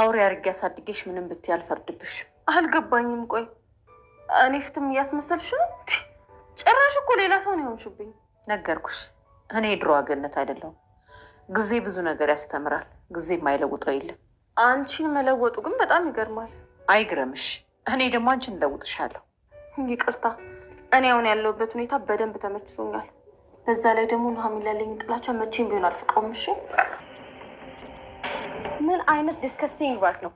አውሬ አድርጌ ያሳድጌሽ ምንም ብትይ አልፈርድብሽ። አልገባኝም። ቆይ እኔ ፊትም እያስመሰልሽ ነው? ጭራሽ እኮ ሌላ ሰው ነው የሆንሽብኝ። ነገርኩሽ፣ እኔ የድሮ አገነት አይደለሁም። ጊዜ ብዙ ነገር ያስተምራል። ጊዜ የማይለውጠው የለም። አንቺን መለወጡ ግን በጣም ይገርማል። አይግረምሽ፣ እኔ ደግሞ አንቺን እለውጥሻለሁ። ይቅርታ፣ እኔ አሁን ያለሁበት ሁኔታ በደንብ ተመችቶኛል። በዛ ላይ ደግሞ ኑሐሚን ላለኝ ጥላቻ መቼም ቢሆን አልፍቀውም። እሺ ምን አይነት ዲስከስቲንግ ባት ነው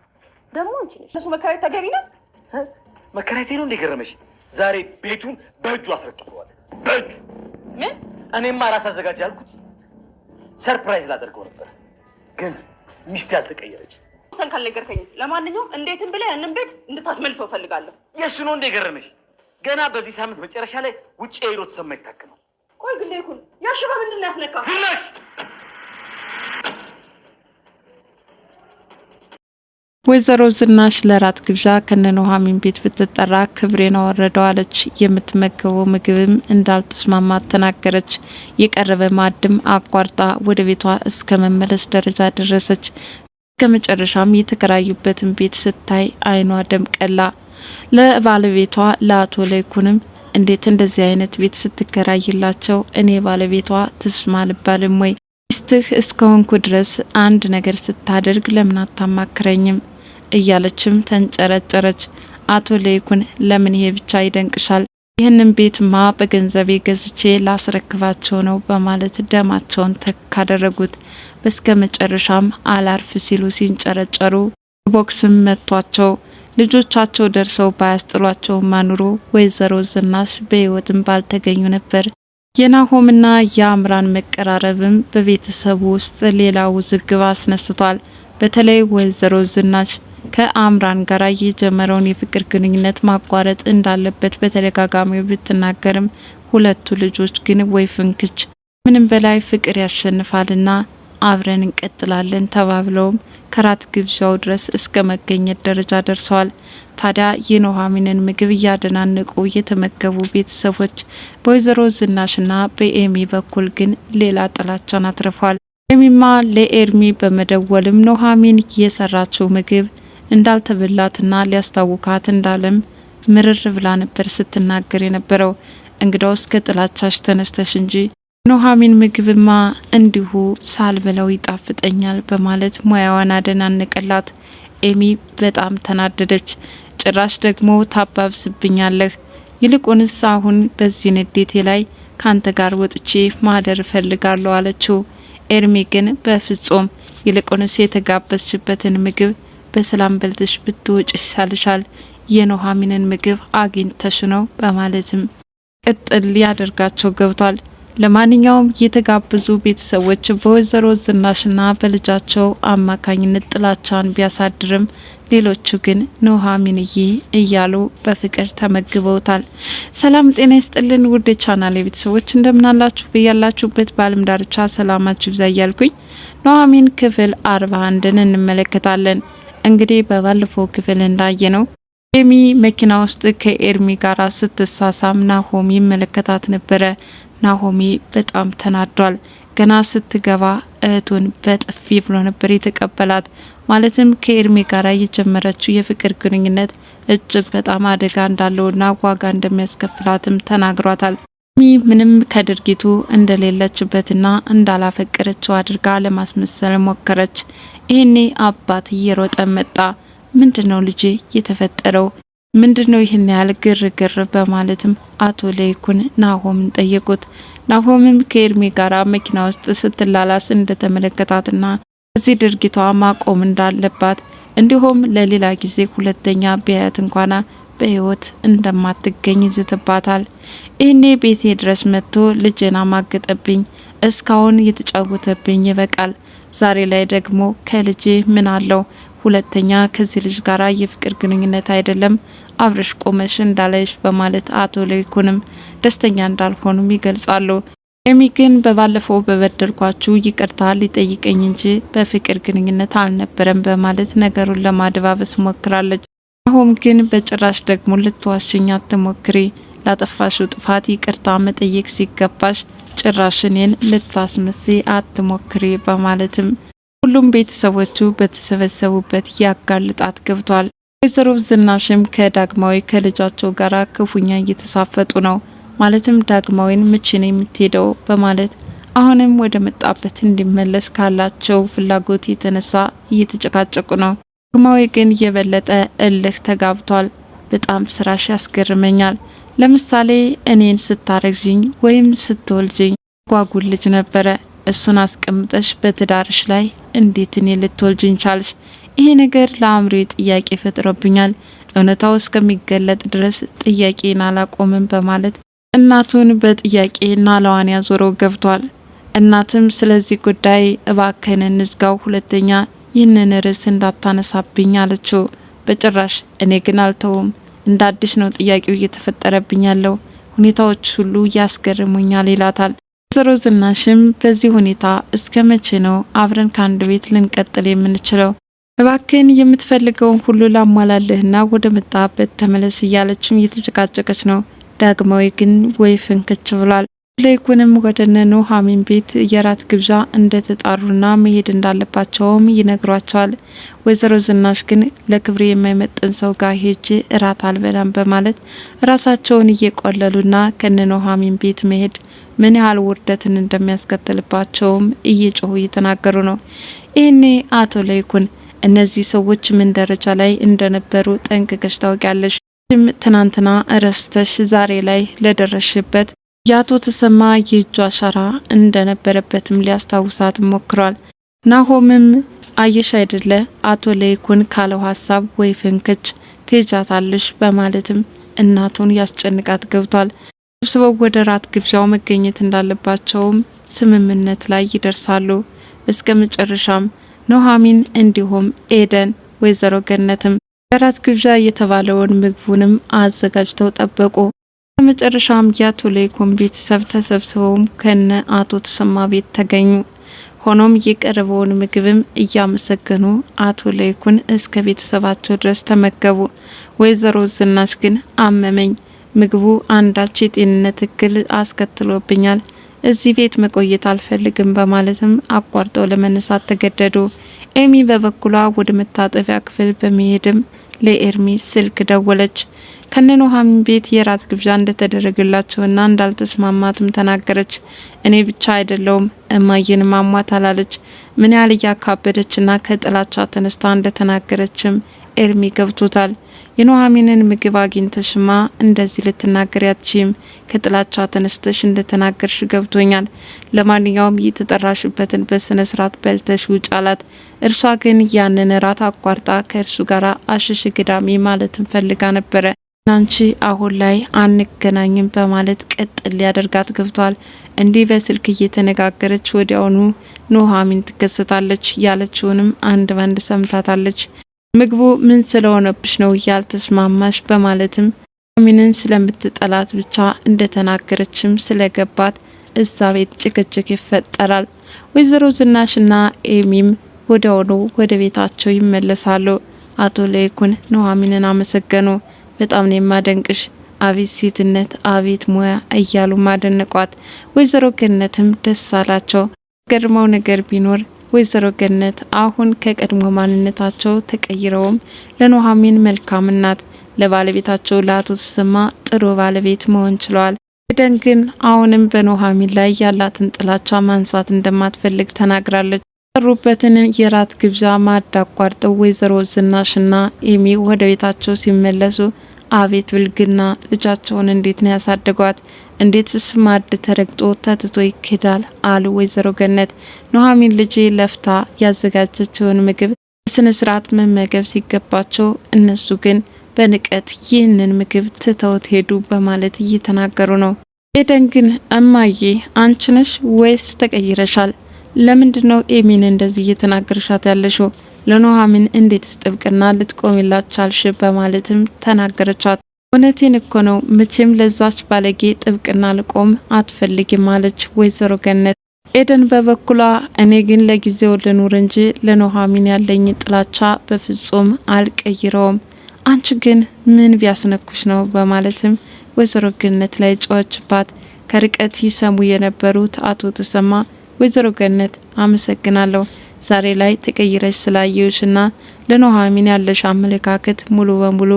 ደግሞ አንቺ ነሽ እሱ መከራየት ተገቢ ነው መከራየቴ ነው እንደገረመሽ ዛሬ ቤቱን በእጁ አስረክበዋለሁ በእጁ ምን እኔማ እራት አዘጋጅ ያልኩት ሰርፕራይዝ ላደርገው ነበር ግን ሚስቴ አልተቀየረች ሰን ካልነገርከኝ ለማንኛውም እንዴትም ብለህ ያንን ቤት እንድታስመልሰው እፈልጋለሁ የእሱ ነው እንደገረመሽ ገና በዚህ ሳምንት መጨረሻ ላይ ውጭ ሄዶ ተሰማ ይታክ ነው ቆይ ግን ይኩን ያሽባ ምንድን ያስነካ ዝናሽ ወይዘሮ ዝናሽ ለራት ግብዣ ከነኑሐሚን ቤት ብትጠራ ክብሬን አወረደው አለች። የምትመገበው ምግብም እንዳልተስማማ ተናገረች። የቀረበ ማዕድም አቋርጣ ወደ ቤቷ እስከ መመለስ ደረጃ ደረሰች። መጨረሻም የተከራዩበትን ቤት ስታይ አይኗ ደም ቀላ። ለባለቤቷ ለአቶ ለይኩንም እንዴት እንደዚህ አይነት ቤት ስትከራይላቸው እኔ ባለቤቷ ትስማ ልባልም ወይ? ሚስትህ እስከሆንኩ ድረስ አንድ ነገር ስታደርግ ለምን አታማክረኝም? እያለችም ተንጨረጨረች። አቶ ለይኩን ለምን ይሄ ብቻ ይደንቅሻል? ይህንን ቤትማ በገንዘቤ ገዝቼ ላስረክባቸው ነው በማለት ደማቸውን ተክ አደረጉት። በስከ መጨረሻም አላርፍ ሲሉ ሲንጨረጨሩ ቦክስም መቷቸው። ልጆቻቸው ደርሰው ባያስጥሏቸው ማኑሮ ወይዘሮ ዝናሽ በሕይወትም ባልተገኙ ነበር። የናሆምና የአምራን መቀራረብም በቤተሰቡ ውስጥ ሌላ ውዝግብ አስነስቷል። በተለይ ወይዘሮ ዝናሽ ከአምራን ጋር የጀመረውን የፍቅር ግንኙነት ማቋረጥ እንዳለበት በተደጋጋሚ ብትናገርም ሁለቱ ልጆች ግን ወይ ፍንክች ምንም በላይ ፍቅር ያሸንፋልና አብረን እንቀጥላለን ተባብለውም ከራት ግብዣው ድረስ እስከ መገኘት ደረጃ ደርሰዋል። ታዲያ የኑሐሚንን ምግብ እያደናነቁ የተመገቡ ቤተሰቦች በወይዘሮ ዝናሽና በኤሚ በኩል ግን ሌላ ጥላቻን አትርፏል። ኤሚማ ለኤርሚ በመደወልም ኑሐሚን የሰራችው ምግብ እንዳልተበላትና ሊያስታውካት እንዳለም ምርር ብላ ነበር ስትናገር የነበረው። እንግዳውስ ከጥላቻሽ ተነስተሽ እንጂ ኑሐሚን ምግብማ እንዲሁ ሳልበላው ይጣፍጠኛል በማለት ሙያዋን አደናነቀላት። ኤሚ በጣም ተናደደች። ጭራሽ ደግሞ ታባብስብኛለህ፣ ይልቁንስ አሁን በዚህ ንዴቴ ላይ ካንተ ጋር ወጥቼ ማደር እፈልጋለሁ አለችው። ኤርሚ ግን በፍጹም ይልቁንስ የተጋበዝሽበትን ምግብ በሰላም በልተሽ ብትወጭ ይሻልሻል፣ የኑሐሚንን ምግብ አግኝተሽ ነው በማለትም ቅጥል ያደርጋቸው ገብቷል። ለማንኛውም የተጋበዙ ቤተሰቦች በወይዘሮ ዝናሽና በልጃቸው አማካኝነት ጥላቻን ቢያሳድርም ሌሎቹ ግን ኑሐሚንዬ እያሉ በፍቅር ተመግበውታል። ሰላም ጤና ይስጥልን ውድ የቻናሌ ቤተሰቦች እንደምናላችሁ በያላችሁበት በዓለም ዳርቻ ሰላማችሁ ይብዛ እያልኩኝ ኑሐሚን ክፍል አርባ አንድን እንመለከታለን። እንግዲህ በባለፈው ክፍል ነው ኤሚ መኪና ውስጥ ከኤርሚ ጋር ስትሳሳም ናሆም ይመለከታት ነበረ። ናሆሚ በጣም ተናዷል። ገና ስትገባ እህቱን በጥፊ ብሎ ነበር የተቀበላት። ማለትም ከኤርሚ ጋር የጀመረችው የፍቅር ግንኙነት እጅግ በጣም አደጋ እንዳለውና ዋጋ እንደሚያስከፍላትም ተናግሯታል። ሚ ምንም ከድርጊቱ እንደሌለችበትና እንዳላፈቀረችው አድርጋ ለማስመሰል ሞከረች። ይህኔ አባት እየሮጠ መጣ። ምንድን ነው ልጄ የተፈጠረው? ምንድን ነው ይህን ያህል ግርግር? በማለትም አቶ ለይኩን ናሆምን ጠየቁት። ናሆምም ከኤርሚ ጋር መኪና ውስጥ ስትላላስ እንደተመለከታትና እዚህ ድርጊቷ ማቆም እንዳለባት እንዲሁም ለሌላ ጊዜ ሁለተኛ ቢያያት እንኳና በህይወት እንደማትገኝ ይዝትባታል። ይህኔ ቤቴ ድረስ መጥቶ ልጄን አማገጠብኝ፣ እስካሁን የተጫወተብኝ ይበቃል። ዛሬ ላይ ደግሞ ከልጄ ምን አለው? ሁለተኛ ከዚህ ልጅ ጋር የፍቅር ግንኙነት አይደለም አብረሽ ቆመሽ እንዳለሽ በማለት አቶ ለይኩንም ደስተኛ እንዳልሆኑም ይገልጻሉ። ኤሚ ግን በባለፈው በበደልኳችሁ ይቅርታ ሊጠይቀኝ እንጂ በፍቅር ግንኙነት አልነበረም በማለት ነገሩን ለማደባበስ ሞክራለች። አሁን ግን በጭራሽ ደግሞ ልትዋሽኝ አትሞክሪ። ላጠፋሽው ጥፋት ይቅርታ መጠየቅ ሲገባሽ ጭራሽ እኔን ልታስምሴ አትሞክሪ በማለትም ሁሉም ቤተሰቦቹ በተሰበሰቡበት ያጋልጣት ገብቷል። ወይዘሮ ዝናሽም ከዳግማዊ ከልጃቸው ጋር ክፉኛ እየተሳፈጡ ነው። ማለትም ዳግማዊን መቼ ነው የምትሄደው በማለት አሁንም ወደ መጣበት እንዲመለስ ካላቸው ፍላጎት የተነሳ እየተጨቃጨቁ ነው። ግርማዊ ግን የበለጠ እልህ ተጋብቷል። በጣም ስራሽ ያስገርመኛል። ለምሳሌ እኔን ስታረግዥኝ ወይም ስትወልጅኝ ጓጉል ልጅ ነበረ። እሱን አስቀምጠሽ በትዳርሽ ላይ እንዴት እኔ ልትወልጅኝ ቻልሽ? ይሄ ነገር ለአእምሮ ጥያቄ ፈጥሮብኛል። እውነታው እስከሚገለጥ ድረስ ጥያቄን አላቆምም በማለት እናቱን በጥያቄ ናላዋን ያዞረው ገብቷል። እናትም ስለዚህ ጉዳይ እባከን እንዝጋው፣ ሁለተኛ ይህንን ርዕስ እንዳታነሳብኝ አለችው። በጭራሽ እኔ ግን አልተውም። እንደ አዲስ ነው ጥያቄው እየተፈጠረብኝ ያለው። ሁኔታዎች ሁሉ ያስገርሙኛል ይላታል። ወይዘሮ ዝናሽም በዚህ ሁኔታ እስከ መቼ ነው አብረን ከአንድ ቤት ልንቀጥል የምንችለው? እባክን የምትፈልገውን ሁሉ ላሟላልህና ወደ መጣበት ተመለስ እያለችም እየተጨቃጨቀች ነው። ዳግማዊ ግን ወይ ፍንክች ብሏል። ሌኩንም ወደ እነ ኑኃሚን ቤት የራት ግብዣ እንደተጣሩና መሄድ እንዳለባቸውም ይነግሯቸዋል። ወይዘሮ ዝናሽ ግን ለክብሬ የማይመጥን ሰው ጋር ሄጅ እራት አልበላም በማለት ራሳቸውን እየቆለሉና ከነ ኑኃሚን ቤት መሄድ ምን ያህል ውርደትን እንደሚያስከትልባቸውም እየጮሁ እየተናገሩ ነው። ይህኔ አቶ ለይኩን እነዚህ ሰዎች ምን ደረጃ ላይ እንደነበሩ ጠንቅቀሽ ታውቂያለሽ። ትናንትና እረስተሽ ዛሬ ላይ ለደረሽበት የአቶ ተሰማ የእጁ አሻራ እንደነበረበትም ሊያስታውሳት ሞክሯል። ናሆምም አየሽ አይደለ አቶ ለይኩን ካለው ሀሳብ ወይ ፍንክች ትጃታለሽ በማለትም እናቱን ያስጨንቃት ገብቷል። ሰብስበው ወደ ራት ግብዣው መገኘት እንዳለባቸውም ስምምነት ላይ ይደርሳሉ። እስከ መጨረሻም ኖሃሚን እንዲሁም ኤደን ወይዘሮ ገነትም በራት ግብዣ የተባለውን ምግቡንም አዘጋጅተው ጠበቁ። በመጨረሻም የአቶ ለይኩን ቤተሰብ ተሰብስበውም ከነ አቶ ተሰማ ቤት ተገኙ። ሆኖም የቀረበውን ምግብም እያመሰገኑ አቶ ለይኩን እስከ ቤተሰባቸው ድረስ ተመገቡ። ወይዘሮ ዝናሽ ግን አመመኝ፣ ምግቡ አንዳች የጤንነት እክል አስከትሎብኛል፣ እዚህ ቤት መቆየት አልፈልግም በማለትም አቋርጠው ለመነሳት ተገደዱ። ኤሚ በበኩሏ ወደ መታጠቢያ ክፍል በመሄድም ለኤርሚ ስልክ ደወለች። ከነኑሃም ቤት የራት ግብዣ እንደተደረገላቸውና እንዳልተስማማትም ተናገረች። እኔ ብቻ አይደለውም እማየን ማሟት አላለች። ምን ያህል እያካበደችና ከጥላቻ ተነስታ እንደተናገረችም ኤርሚ ገብቶታል። የኑሃሚንን ምግብ አግኝተሽማ እንደዚህ ልትናገር ያትችም ከጥላቻ ተነስተሽ እንደተናገርሽ ገብቶኛል። ለማንኛውም የተጠራሽበትን በስነ ስርዓት በልተሽ ውጭ አላት። እርሷ ግን ያንን እራት አቋርጣ ከእርሱ ጋር አሸሽ ግዳሚ ማለትን ፈልጋ ነበረ። ናንቺ አሁን ላይ አንገናኝም በማለት ቀጥ ሊያደርጋት ገብቷል። እንዲህ በስልክ እየተነጋገረች ወዲያውኑ ኑሐሚን ትከሰታለች። ያለችውንም አንድ ባንድ ሰምታታለች። ምግቡ ምን ስለሆነብሽ ነው ያልተስማማሽ? በማለትም ኑሐሚንን ስለምትጠላት ብቻ እንደተናገረችም ስለገባት እዛ ቤት ጭቅጭቅ ይፈጠራል። ወይዘሮ ዝናሽና ኤሚም ወዲያውኑ ወደ ቤታቸው ይመለሳሉ። አቶ ለይኩን ኑሐሚንን አመሰገኑ። በጣም ነው የማደንቅሽ አቤት ሴትነት አቤት ሙያ እያሉ ማደነቋት። ወይዘሮ ገነትም ደስ አላቸው። ገርመው ነገር ቢኖር ወይዘሮ ገነት አሁን ከቀድሞ ማንነታቸው ተቀይረውም ለኑሐሚን መልካም ለባለቤታቸው ለአቶ ተሰማ ጥሩ ባለቤት መሆን ችለዋል። ኤደን ግን አሁንም በኑሐሚን ላይ ያላትን ጥላቻ ማንሳት እንደማትፈልግ ተናግራለች። የጠሩበትን የራት ግብዣ ማዳቋርጠው ወይዘሮ ዝናሽና ኤሚ ወደ ቤታቸው ሲመለሱ አቤት ብልግና! ልጃቸውን እንዴት ነው ያሳደጓት? እንዴትስ ማድ ተረግጦ ተትቶ ይኬዳል? አሉ ወይዘሮ ገነት። ኑሐሚን ልጄ ለፍታ ያዘጋጀችውን ምግብ ስነ ስርዓት መመገብ ሲገባቸው እነሱ ግን በንቀት ይህንን ምግብ ትተውት ሄዱ በማለት እየተናገሩ ነው። ኤደን ግን እማዬ አንቺ ነሽ ወይስ ተቀይረሻል? ለምንድን ነው ኤሚን እንደዚህ እየተናገርሻት ያለሽው? ለኑሐሚን እንዴትስ ጥብቅና ልትቆሚላት ቻልሽ? በማለትም ተናገረቻት። እውነቴን እኮ ነው መቼም ለዛች ባለጌ ጥብቅና ልቆም አትፈልግም አለች ወይዘሮ ገነት። ኤደን በበኩሏ እኔ ግን ለጊዜው ልኑር እንጂ ለኑሐሚን ያለኝ ጥላቻ በፍጹም አልቀይረውም። አንቺ ግን ምን ቢያስነኩሽ ነው? በማለትም ወይዘሮ ገነት ላይ ጮኸችባት። ከርቀት ይሰሙ የነበሩት አቶ ተሰማ ወይዘሮ ገነት አመሰግናለሁ ዛሬ ላይ ተቀይረሽ ስላየሽና ለኑሐሚን ያለሽ አመለካከት ሙሉ በሙሉ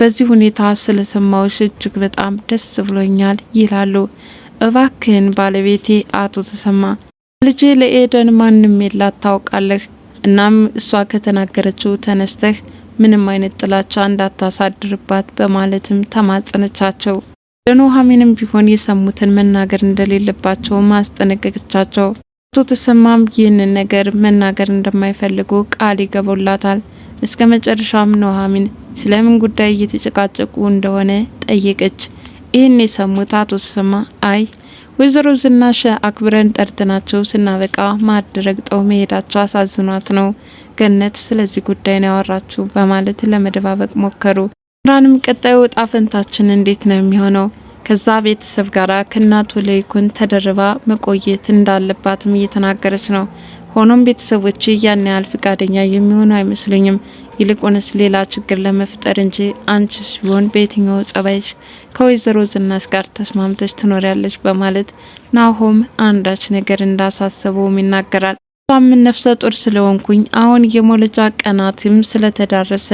በዚህ ሁኔታ ስለሰማውሽ እጅግ በጣም ደስ ብሎኛል ይላሉ። እባክህን ባለቤቴ አቶ ተሰማ ልጄ ለኤደን ማንም የላት ታውቃለህ። እናም እሷ ከተናገረችው ተነስተህ ምንም አይነት ጥላቻ እንዳታሳድርባት በማለትም ተማጸነቻቸው። ለኑሐሚንም ቢሆን የሰሙትን መናገር እንደሌለባቸው ማስጠነቀቀቻቸው። አቶ ተሰማም ይህንን ነገር መናገር እንደማይፈልጉ ቃል ይገቡላታል። እስከ መጨረሻም ኑሐሚን ስለምን ጉዳይ እየተጨቃጨቁ እንደሆነ ጠየቀች። ይህን የሰሙት አቶ ተሰማ አይ ወይዘሮ ዝናሽ አክብረን ጠርተናቸው ስናበቃ ማድረግጠው መሄዳቸው አሳዝኗት ነው ገነት ስለዚህ ጉዳይ ነው ያወራችሁ በማለት ለመደባበቅ ሞከሩ። ራንም ቀጣዩ እጣ ፈንታችን እንዴት ነው የሚሆነው ከዛ ቤተሰብ ጋር ከእናቱ ለይኩን ተደርባ መቆየት እንዳለባትም እየተናገረች ነው። ሆኖም ቤተሰቦች ያን ያህል ፍቃደኛ የሚሆኑ አይመስሉኝም። ይልቁንስ ሌላ ችግር ለመፍጠር እንጂ አንቺ ሲሆን በየትኛው ጸባይሽ ከወይዘሮ ዝናሽ ጋር ተስማምተሽ ትኖሪያለች በማለት ናሆም አንዳች ነገር እንዳሳሰበውም ይናገራል። እሷም ነፍሰ ጡር ስለሆንኩኝ አሁን የሞለጃ ቀናትም ስለተዳረሰ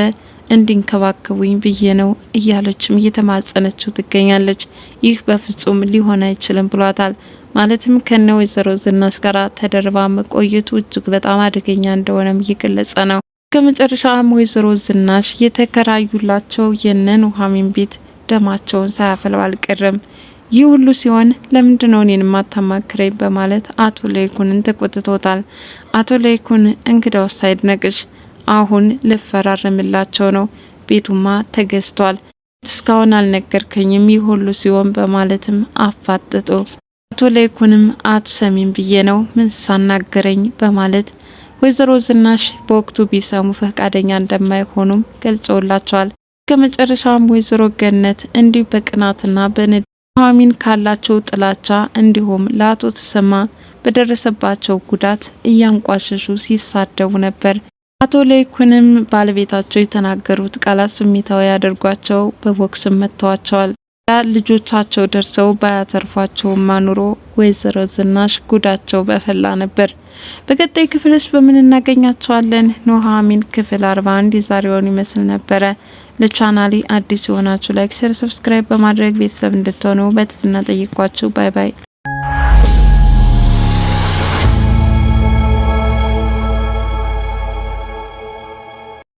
እንዲንከባከቡኝ ብዬ ነው እያለችም እየተማጸነችው ትገኛለች። ይህ በፍጹም ሊሆን አይችልም ብሏታል። ማለትም ከነ ወይዘሮ ዝናሽ ጋር ተደርባ መቆየቱ እጅግ በጣም አደገኛ እንደሆነም እየገለጸ ነው። ከመጨረሻም ወይዘሮ ዝናሽ የተከራዩላቸው የነ ኑሐሚን ቤት ደማቸውን ሳያፈለው አልቀረም። ይህ ሁሉ ሲሆን ለምንድን ነው እኔን ማታማክረኝ? በማለት አቶ ለይኩንን ተቆጥቶታል። አቶ ለይኩን እንግዳውስ አይድነቅሽ አሁን ልፈራረምላቸው ነው። ቤቱማ ተገዝቷል። እስካሁን አልነገርከኝም ሁሉ ሲሆን በማለትም አፋጠጡ። አቶ ለይኩንም አትሰሚም ብዬ ነው ምን ሳናገረኝ በማለት ወይዘሮ ዝናሽ በወቅቱ ቢሰሙ ፈቃደኛ እንደማይሆኑም ገልጸውላቸዋል። ከመጨረሻም ወይዘሮ ገነት እንዲሁ በቅናትና በንድ ኑሐሚን ካላቸው ጥላቻ እንዲሁም ለአቶ ተሰማ በደረሰባቸው ጉዳት እያንቋሸሹ ሲሳደቡ ነበር። አቶ ለይኩንም ባለቤታቸው የተናገሩት ቃላት ስሜታዊ ያደርጓቸው በቦክስም መጥተዋቸዋል። ልጆቻቸው ደርሰው ባያተርፏቸውም ኑሮ ወይዘሮ ዝናሽ ጉዳቸው በፈላ ነበር። በቀጣይ ክፍሎች በምን እናገኛቸዋለን? ኑሐሚን ክፍል 41 የዛሬውን ይመስል ነበረ። ለቻናሌ አዲስ የሆናችሁ ላይክ፣ ሸር፣ ሰብስክራይብ በማድረግ ቤተሰብ እንድትሆኑ በትህትና ጠይቋችሁ። ባይ ባይ።